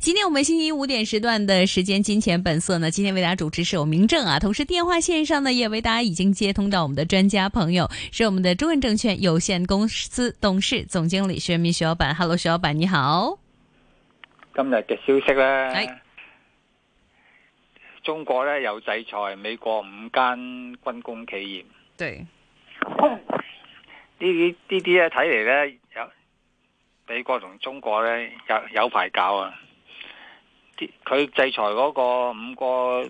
今天我們星期五點時段的時間《金錢本色》呢，今天為大家主持是我明正啊，同時電話線上呢也為大家已經接通到我們的專家朋友，是我們的中文證券有限公司董事總經理徐潤民徐老闆。Hello，徐老闆，你好。今日嘅消息咧，哎、中國咧有制裁美國五間軍工企業。對，呃、呢啲呢啲咧睇嚟咧。美國同中國咧有有排搞啊！佢制裁嗰個五個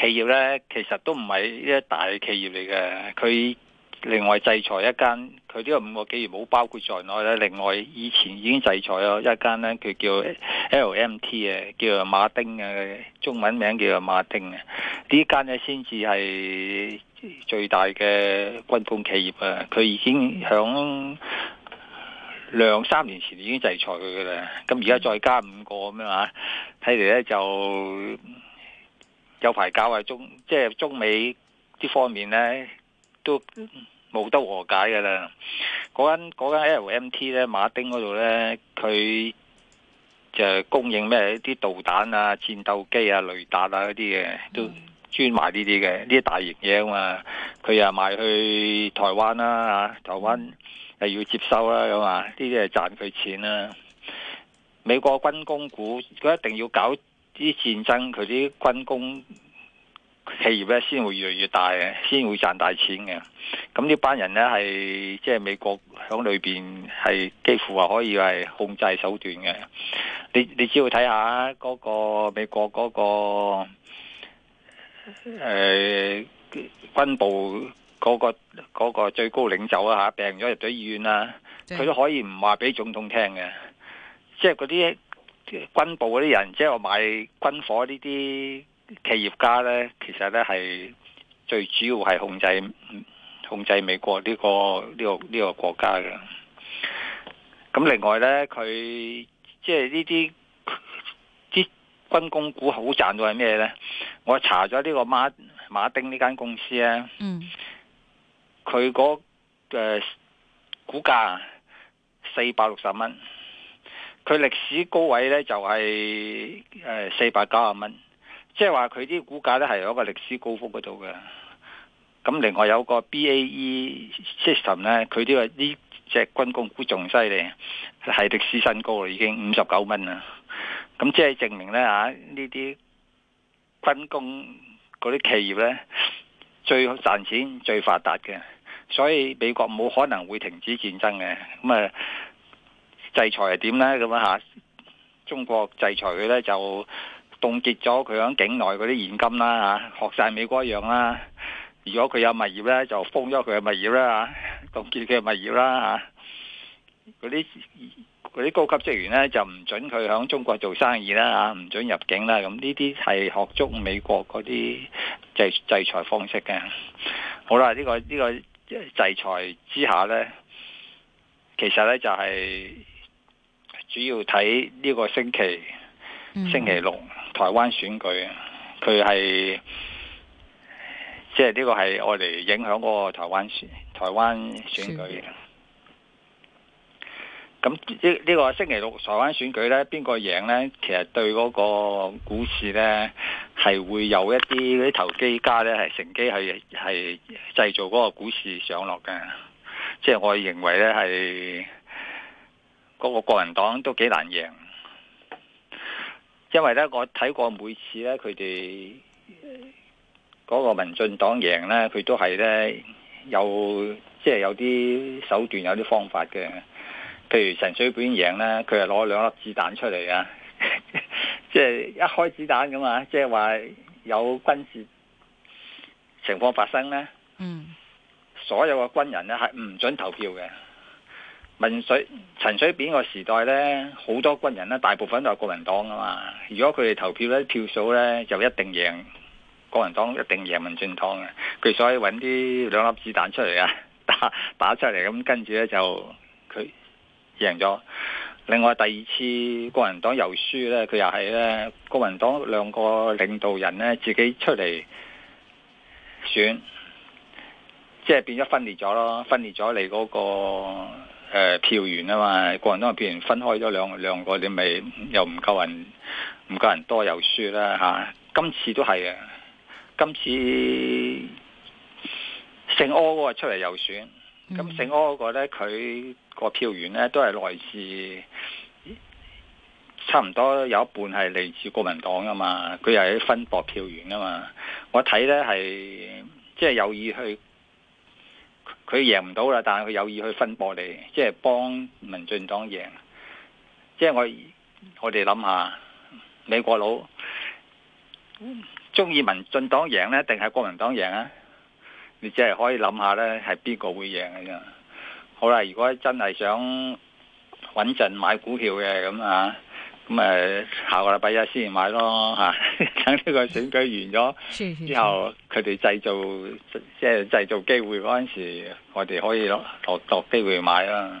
企業咧，其實都唔係一大企業嚟嘅。佢另外制裁一間，佢呢個五個企業冇包括在內咧。另外以前已經制裁咗一間咧，佢叫 LMT 啊，叫做馬丁嘅，中文名叫做馬丁啊！呢間咧先至係最大嘅軍工企業啊！佢已經響。兩三年前已經制裁佢噶啦，咁而家再加五個咁樣啊，睇嚟咧就有排搞啊，中，即係中美啲方面咧都冇得和解噶啦。嗰間嗰間 LMT 咧，馬丁嗰度咧，佢就供應咩一啲導彈啊、戰鬥機啊、雷達啊嗰啲嘅，都專賣呢啲嘅，呢啲大型嘢嘛。佢啊，賣去台灣啦，啊台灣係要接收啦，咁啊呢啲係賺佢錢啦。美國軍工股，佢一定要搞啲戰爭，佢啲軍工企業咧先會越嚟越大嘅，先會賺大錢嘅。咁呢班人咧係即係美國響裏邊係幾乎啊可以係控制手段嘅。你你只要睇下嗰個美國嗰個誒。欸軍部嗰個嗰個最高領袖啊吓病咗入咗醫院啦，佢的都可以唔話俾總統聽嘅。即係嗰啲軍部嗰啲人，即係我買軍火呢啲企業家咧，其實咧係最主要係控制控制美國呢個呢個呢個國家嘅。咁另外咧，佢即係呢啲啲軍工股好賺到係咩咧？我查咗呢個孖。馬丁呢間公司咧，佢嗰個股價四百六十蚊，佢歷史高位咧就係誒四百九十蚊，即係話佢啲股價咧係有一個歷史高峰嗰度嘅。咁另外有個 BAE System 咧，佢呢個呢隻軍工股仲犀利，係歷史新高啦，已經五十九蚊啦。咁即係證明咧吓呢啲軍工。嗰啲企業咧最賺錢、最發達嘅，所以美國冇可能會停止戰爭嘅。咁啊，制裁係點咧？咁樣嚇，中國制裁佢咧就凍結咗佢喺境內嗰啲現金啦嚇、啊，學晒美國一樣啦、啊。如果佢有物業咧，就封咗佢嘅物業啦嚇、啊，凍結佢嘅物業啦嚇，嗰、啊、啲。啊。嗰啲高級職員咧就唔准佢喺中國做生意啦嚇，唔、啊、准入境啦，咁呢啲係學足美國嗰啲制制裁方式嘅。好啦，呢、呢個呢、呢個制裁之下呢，其實呢就係、係、主要睇呢個星期、嗯、星期六台灣選舉，佢係即係呢個係愛嚟影響嗰個台灣選台灣選舉。咁呢？呢個星期六台灣選舉呢，邊個贏呢？其實對嗰個股市呢，係會有一啲啲投機家呢係乘機去係製造嗰個股市上落嘅。即 係我認為呢係嗰個國民黨都幾難贏， 因為呢我睇過每次呢，佢哋嗰個民進黨贏呢，佢都係呢，有即係、就是、有啲手段有啲方法嘅。譬如陳水扁贏呢，佢係攞兩粒子彈出嚟啊！即 係一開子彈咁嘛，即係話有軍事情況發生呢，嗯，所有嘅軍人呢係唔准投票嘅。文水陳水扁個時代呢，好多軍人呢大部分都係國民黨啊嘛。如果佢哋投票呢，票數呢就一定贏國民黨，一定贏民進黨嘅。佢所以揾啲兩粒子彈出嚟啊，打打出嚟咁，跟住呢就佢。贏咗，另外第二次國民黨又輸呢，佢又係呢，國民黨兩個領導人呢，自己出嚟選，即係變咗分裂咗咯，分裂咗你嗰、嗰個、呃、票源啊嘛，國民黨票源分開咗兩兩個，你咪又唔夠人唔夠人多又輸啦吓，今次都係啊，今次姓柯嘅出嚟又選。咁姓柯嗰個呢，佢個票源呢都係來自差唔多有一半係嚟自國民黨噶嘛，佢又係分薄票源噶嘛。我睇呢係即係有意去，佢贏唔到啦，但係佢有意去分薄你，即係幫民進黨贏。即係我我哋諗下，美國佬中意民進黨贏呢，定係國民黨贏啊？你只係可以諗下咧，係邊個會贏嘅啫。好啦，如果真係想穩陣買股票嘅咁啊，咁誒下個禮拜一先買咯吓。 等呢個選舉完咗之 後，佢哋製造即係製造機會嗰陣時，我哋可以度度機會買啦。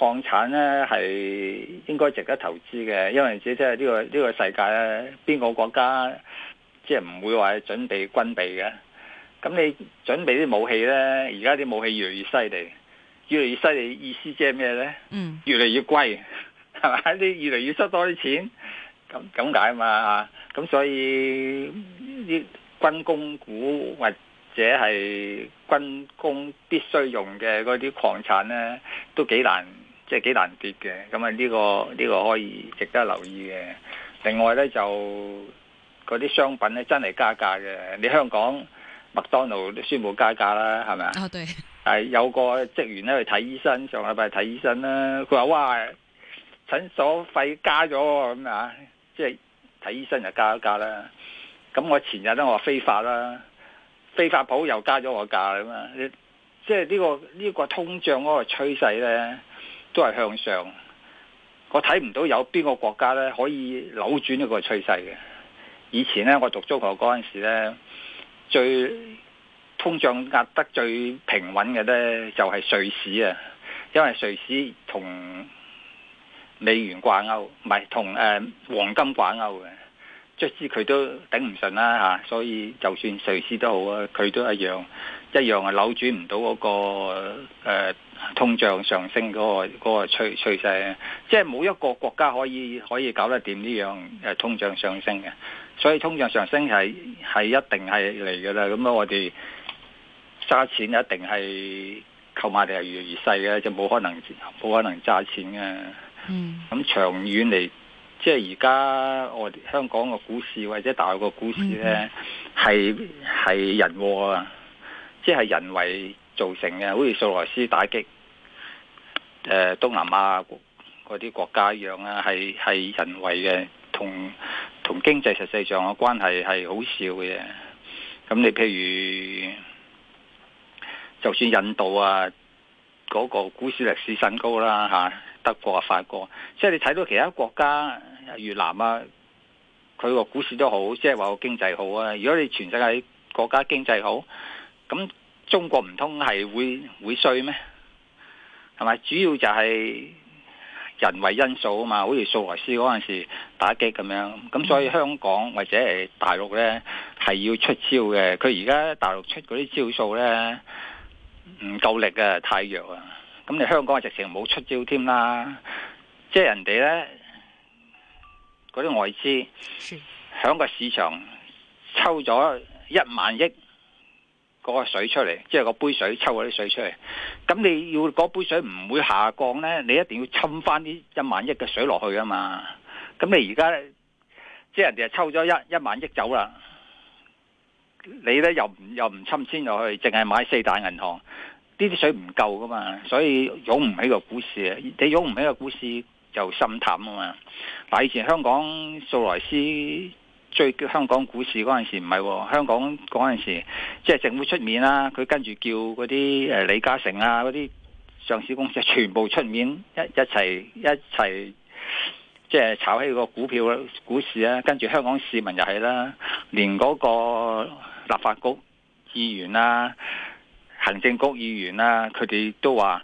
礦產咧，係應該值得投資嘅，因為只即係呢個呢個世界咧，邊個國家即係唔會話準備軍備嘅？咁你準備啲武器咧，而家啲武器越嚟越犀利，越嚟越犀利，意思即係咩咧？嗯，越嚟越貴，係咪？你越嚟越塞多啲錢，咁咁解嘛？咁所以啲軍工股或者係軍工必須用嘅嗰啲礦產咧，都幾難。即係幾難跌嘅，咁啊呢個呢個可以值得留意嘅。另外呢，就嗰啲商品咧真係加價嘅。你香港麥當勞都宣布加價啦，係咪啊？啊、哦，對。係有個職員呢去睇醫生，上禮拜睇醫生啦，佢話哇，診所費加咗咁啊，即係睇醫生就加咗價啦。咁我前日呢，我話非法啦，非法鋪又加咗我價咁嘛。即係呢個呢個通脹嗰個趨勢咧。都係向上，我睇唔到有邊個國家咧可以扭轉呢個趨勢嘅。以前咧，我讀中學嗰陣時咧，最通脹壓得最平穩嘅咧，就係、是、瑞士啊。因為瑞士同美元掛鈎，唔係同誒黃金掛鈎嘅，卒之佢都頂唔順啦吓，所以就算瑞士都好，啊，佢都一樣，一樣係扭轉唔到嗰個誒。呃通脹上升嗰、那個嗰、那個趨趨勢咧，即係冇一個國家可以可以搞得掂呢樣誒通脹上升嘅，所以通脹上升係係一定係嚟嘅啦。咁啊，我哋揸錢一定係購買力係越嚟越細嘅，就冇可能冇可能揸錢嘅。咁、嗯、長遠嚟，即係而家我哋香港個股市或者大陸個股市呢，係係、嗯、人禍啊，即、就、係、是、人為。造成嘅，好似索羅斯打擊誒、呃、東南亞嗰啲國家一樣啊，係係人為嘅，同同經濟實際上嘅關係係好少嘅。咁你譬如，就算印度啊，嗰、那個股市歷史新高啦、啊、吓、啊，德國啊、法國，即係你睇到其他國家越南啊，佢個股市都好，即係話個經濟好啊。如果你全世界國家經濟好，咁。中國唔通係會會衰咩？係咪，主要就係人為因素啊嘛，好似蘇萊斯嗰陣時打擊咁樣，咁所以香港或者係大陸呢係要出招嘅。佢而家大陸出嗰啲招數呢唔夠力啊，太弱啊。咁你香港啊直情冇出招添啦，即係人哋呢嗰啲外資響個市場抽咗一萬億。嗰個水出嚟，即係個杯水抽嗰啲水出嚟。咁你要嗰杯水唔會下降呢？你一定要侵翻啲一萬億嘅水落去啊嘛。咁你而家即係人哋抽咗一一萬億走啦，你呢又唔又唔侵先落去，淨係買四大銀行，呢啲水唔夠噶嘛，所以擁唔起個股市。你擁唔起個股市就心淡啊嘛。嗱，以前香港素來斯。最叫香港股市嗰陣時唔係喎，香港嗰陣時即係、就是、政府出面啦、啊，佢跟住叫嗰啲誒李嘉誠啊嗰啲上市公司全部出面一一齊一齊即係炒起個股票股市啊，跟住香港市民又係啦，連嗰個立法局議員啊、行政局議員啊，佢哋都話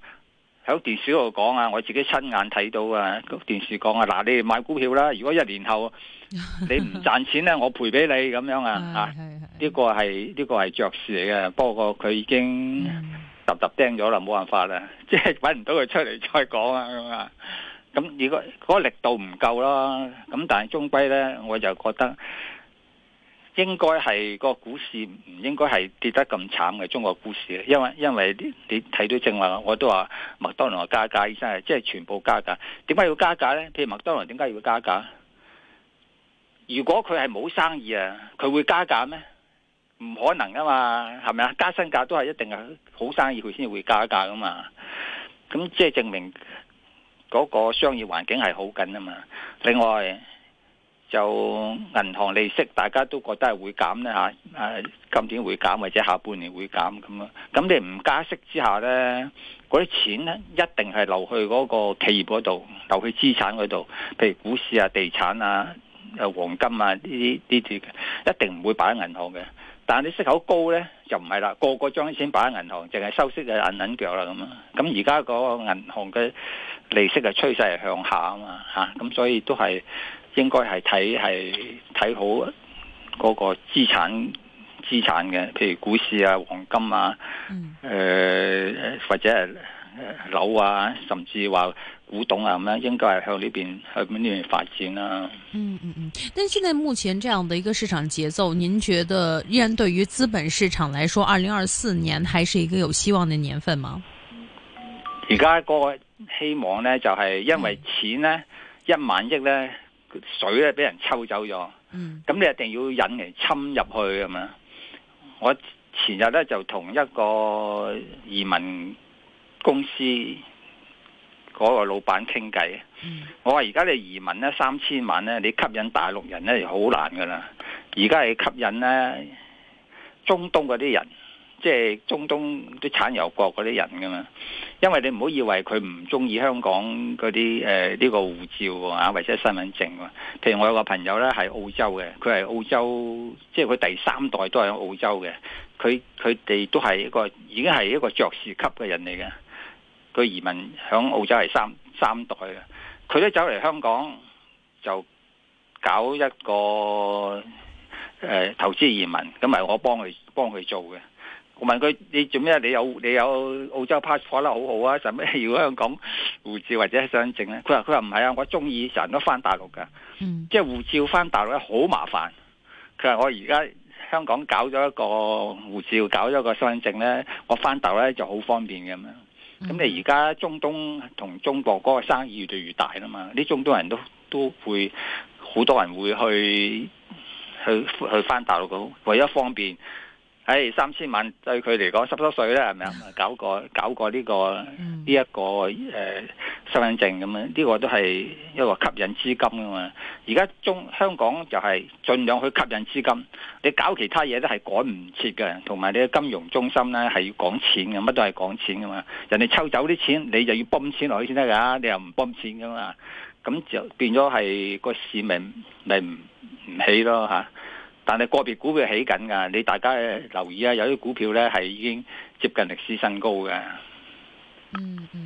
喺電視度講啊，我自己親眼睇到啊，電視講啊，嗱，你哋買股票啦，如果一年後。 你唔賺錢咧，我賠俾你咁樣 啊！啊，呢個係呢、這個係爵士嚟嘅。不過佢已經揼揼 釘咗啦，冇辦法啦，即係搵唔到佢出嚟再講啊咁啊。咁如果個力度唔夠咯，咁但係終歸咧，我就覺得應該係個股市唔應該係跌得咁慘嘅中國股市，因為因為你睇到正話我都話麥當勞加價而家係，即係全部加價。點解要加價咧？譬如麥當勞點解要加價？如果佢係冇生意啊，佢會加價咩？唔可能啊嘛，係咪啊？加薪價都係一定係好生意佢先會加價噶嘛。咁即係證明嗰個商業環境係好緊啊嘛。另外就銀行利息，大家都覺得係會減呢。吓、啊，誒、啊，今年會減或者下半年會減咁啊。咁你唔加息之下呢，嗰啲錢咧一定係流去嗰個企業嗰度，流去資產嗰度，譬如股市啊、地產啊。誒黃金啊，呢啲啲一定唔會擺喺銀行嘅。但係你息口高咧，就唔係啦，個個將啲錢擺喺銀行，淨係收息就銀銀腳啦咁啊。咁而家嗰個銀行嘅利息嘅趨勢係向下嘛啊嘛嚇，咁所以都係應該係睇係睇好嗰個資產資產嘅，譬如股市啊、黃金啊，誒、呃、或者係。樓啊，甚至話古董啊咁樣，應該係向呢邊向呢邊發展啦、啊。嗯嗯嗯，但現在目前這樣的一個市場節奏，您覺得依然對於資本市場來說，二零二四年還是一個有希望嘅年份嗎？而家個希望呢，就係、是、因為錢呢，嗯、一萬億呢，水咧俾人抽走咗，咁、嗯、你一定要引嚟侵入去啊嘛。我前日呢，就同一個移民。公司嗰個老闆傾偈，我話而家你移民呢，三千萬呢，你吸引大陸人呢，就好難噶啦。而家係吸引呢，中東嗰啲人，即係中東啲產油國嗰啲人噶嘛。因為你唔好以為佢唔中意香港嗰啲誒呢個護照啊，或者身份證啊。譬如我有個朋友呢，係澳洲嘅，佢係澳洲，即係佢第三代都係澳洲嘅。佢佢哋都係一個已經係一個爵士級嘅人嚟嘅。佢移民喺澳洲係三三代嘅。佢都走嚟香港就搞一個誒、呃、投資移民，咁咪我幫佢幫佢做嘅。我問佢：你做咩？你有你有澳洲 passport 啦，好好啊，使咩如果香港護照或者身份證咧？佢話佢話唔係啊，我中意成日都翻大陸噶，即係護照翻大陸咧好麻煩。佢話我而家香港搞咗一個護照，搞咗個身份證咧，我翻大陸咧就好方便嘅咩？咁你而家中東同中國嗰個生意越嚟越大啦嘛，啲中東人都都會好多人會去去去翻大陸度，為咗方便。喺、哎、三千萬對佢嚟講，濕濕碎啦，係咪啊？搞過、這個搞、這個呢個呢一個誒身份證咁樣，呢、這個都係一個吸引資金噶嘛。而家中香港就係盡量去吸引資金，你搞其他嘢都係趕唔切嘅。同埋你嘅金融中心咧係要講錢嘅，乜都係講錢噶嘛。人哋抽走啲錢，你就要泵錢落去先得噶，你又唔泵錢噶嘛？咁就變咗係、那個市民嚟唔唔起咯吓。但係個別股票起緊㗎，你大家留意啊，有啲股票呢係已經接近歷史新高嘅。嗯，嗯。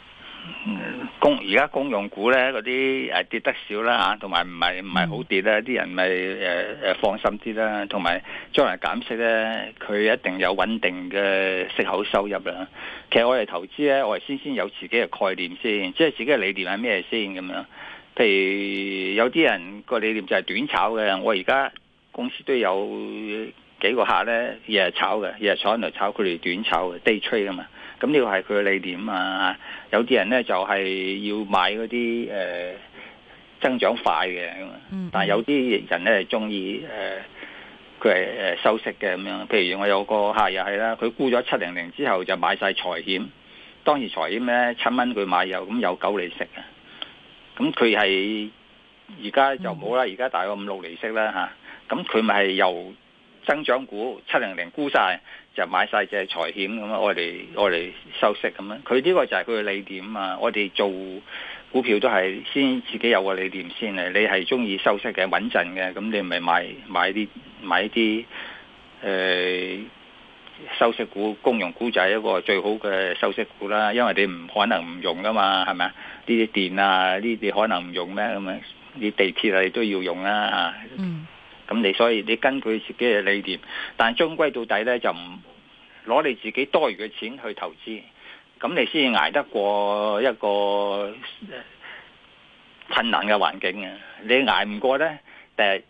公而家公用股咧，嗰啲誒跌得少啦吓，同埋唔係唔係好跌啦。啲人咪誒誒放心啲啦。同埋將來減息咧，佢一定有穩定嘅息口收入啦。其實我哋投資咧，我哋先先有自己嘅概念先，即係自己嘅理念係咩先咁樣。譬如有啲人個理念就係短炒嘅，我而家公司都有幾個客咧，日日炒嘅，日日坐喺度炒佢哋短炒嘅 day trade 㗎嘛。咁呢個係佢嘅理念啊！有啲人咧就係要買嗰啲誒增長快嘅，但係有啲人咧係中意誒佢係誒收息嘅咁樣。譬如我有個客又係啦，佢沽咗七零零之後就買晒財險，當時財險咧七蚊佢買有咁有九厘息啊！咁佢係而家就冇啦，而家大概五六厘息啦嚇。咁佢咪係由，增長股七零零沽晒，就買晒隻財險咁啊！我哋我哋收息咁啊！佢呢個就係佢嘅理念啊！我哋做股票都係先自己有個理念先啊！你係中意收息嘅穩陣嘅，咁你咪買買啲買啲誒、呃、收息股，公用股就係一個最好嘅收息股啦！因為你唔可能唔用噶嘛，係咪啊？呢啲電啊，呢啲可能唔用咩咁啊？你地鐵你都要用啦啊！嗯。咁你所以你根據自己嘅理念，但係終歸到底呢，就唔攞你自己多餘嘅錢去投資，咁你先至捱得過一個困難嘅環境啊！你捱唔過呢，誒第日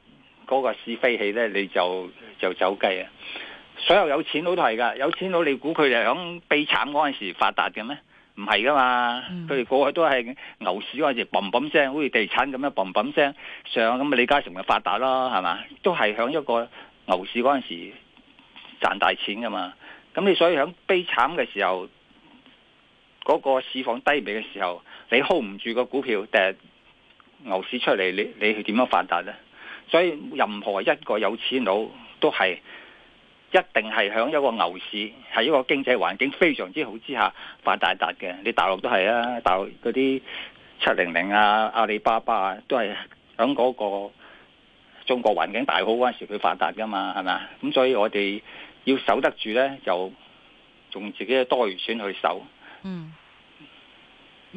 嗰個是非氣呢，你就就走雞啊！所有有錢佬都係㗎，有錢佬你估佢哋響悲慘嗰陣時發達嘅咩？唔係噶嘛，佢哋、嗯、過去都係牛市嗰陣時嘣嘣聲，好似地產咁樣嘣嘣聲上，咁啊李嘉誠咪發達咯，係嘛？都係響一個牛市嗰陣時賺大錢噶嘛。咁你所以響悲慘嘅時候，嗰、嗰個市況低迷嘅時候，你 hold 唔住個股票，第日牛市出嚟，你你去點樣發達咧？所以任何一個有錢佬都係。一定係喺一個牛市，係一個經濟環境非常之好之下發大達嘅。你大陸都係啊，大陸嗰啲七零零啊、阿里巴巴啊，都係喺嗰個中國環境大好嗰陣時去發達噶嘛，係咪？咁所以我哋要守得住呢，就用自己嘅多餘錢去守。嗯。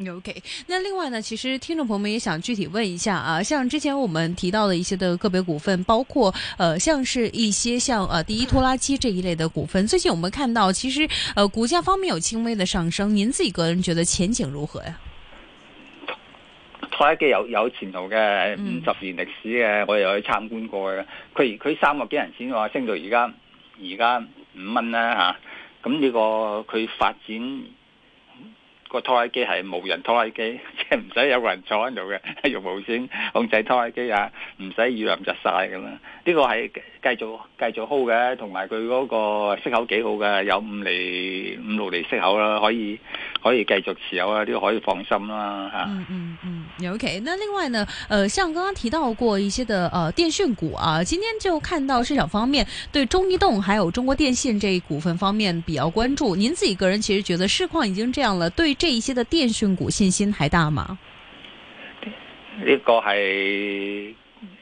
OK，那另外呢，其實聽眾朋友們也想具體問一下啊，像之前我們提到的一些的個別股份，包括，呃，像是一些像，呃、啊，第一拖拉機這一類的股份，最近我們看到其實，呃，股價方面有輕微的上升，您自己個人覺得前景如何呀？拖拉機有有前途嘅，五十年歷史嘅，嗯、我又去參觀過嘅，佢佢三個幾人錢話升到而家，而家五蚊啦吓，咁、啊、呢、嗯這個佢發展。個拖拉機係無人拖拉機，即係唔使有個人坐喺度嘅，用無線控制拖拉機啊，唔使雨淋濕晒咁啦。呢個係繼續繼續 hold 嘅，同埋佢嗰個息口幾好嘅，有五厘五六厘息口啦，可以可以繼續持有啊，呢個可以放心啦吓。嗯嗯嗯，OK。那另外呢，誒、呃，像剛剛提到過一些嘅誒、呃、電訊股啊，今天就看到市場方面對中移動還有中國電信這一股份方面比較關注。您自己個人其實覺得市況已經這樣了，對、嗯。嗯嗯 okay. 這一些的電訊股信心還大嗎？呢個係誒、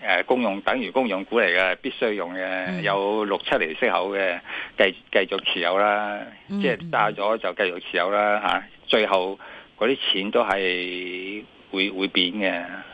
呃、公用等於公用股嚟嘅，必須用嘅，有六七厘息口嘅，繼繼續持有啦，嗯、即係揸咗就繼續持有啦吓、啊，最後嗰啲錢都係會會變嘅。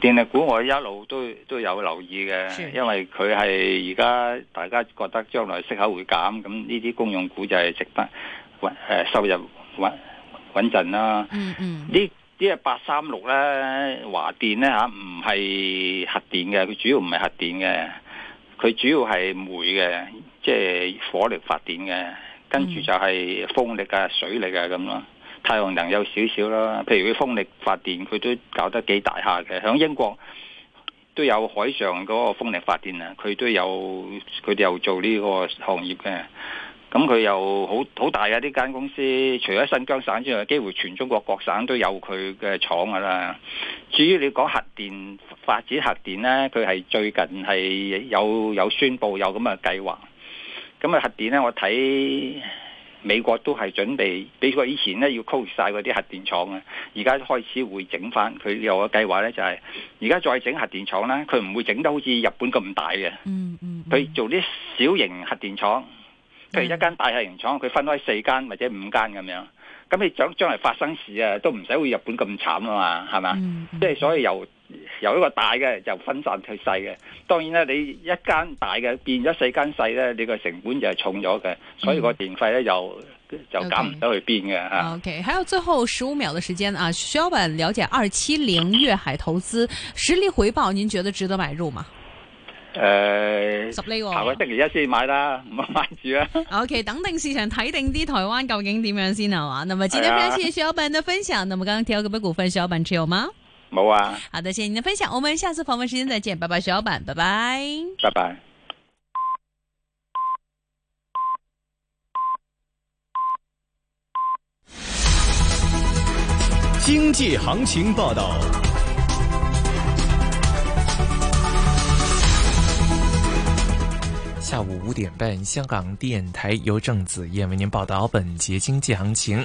電力股我一路都都有留意嘅，因為佢係而家大家覺得將來息口會減，咁呢啲公用股就係值得穩誒、呃、收入穩穩陣啦、嗯。嗯嗯，呢啲係八三六咧，華電咧吓，唔係核電嘅，佢主要唔係核電嘅，佢主要係煤嘅，即係火力發電嘅，跟住就係風力嘅、水力嘅咁咯。太陽能有少少啦，譬如佢風力發電，佢都搞得幾大下嘅。響英國都有海上嗰個風力發電啊，佢都有，佢哋又做呢個行業嘅。咁佢又好好大嘅呢間公司，除咗新疆省之外，幾乎全中國各省都有佢嘅廠噶啦。至於你講核電，發展核電呢，佢係最近係有有宣布有咁嘅計劃。咁啊核電呢，我睇。美國都係準備，比佢以前咧要 close 曬嗰啲核電廠啊，而家開始會整翻。佢有個計劃咧，就係而家再整核電廠啦，佢唔會整得好似日本咁大嘅。嗯嗯，佢做啲小型核電廠，譬如一間大核電廠，佢分開四間或者五間咁樣。咁你將將嚟發生事啊，都唔使會日本咁慘啊嘛，係咪？即係、嗯嗯嗯、所以由。由一個大嘅就分散去細嘅，當然啦，你一間大嘅變咗四間細咧，你個成本就係重咗嘅，所以個電費咧、嗯、就就減唔到去邊嘅，okay。OK，還有最後十五秒嘅時間啊，徐老闆，了解二七零粵海投資十厘回報，你覺得值得買入嗎？誒、呃，十厘，下個星期一先買啦，唔好買住啦。 OK，等定市場睇定啲台灣究竟點樣先咯啊。那麼今天非常謝謝徐老闆嘅分享。 那麼剛剛提到嗰股份，徐老闆持有嗎？冇啊！好的，謝謝您的分享，我們下次訪問時間再見，拜拜，徐老闆，拜拜，拜拜。經濟行情報道，下午五點半，香港電台由鄭子燕為您報道本節經濟行情。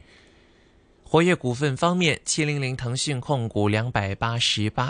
活躍股份方面，七零零騰訊控股兩百八十八。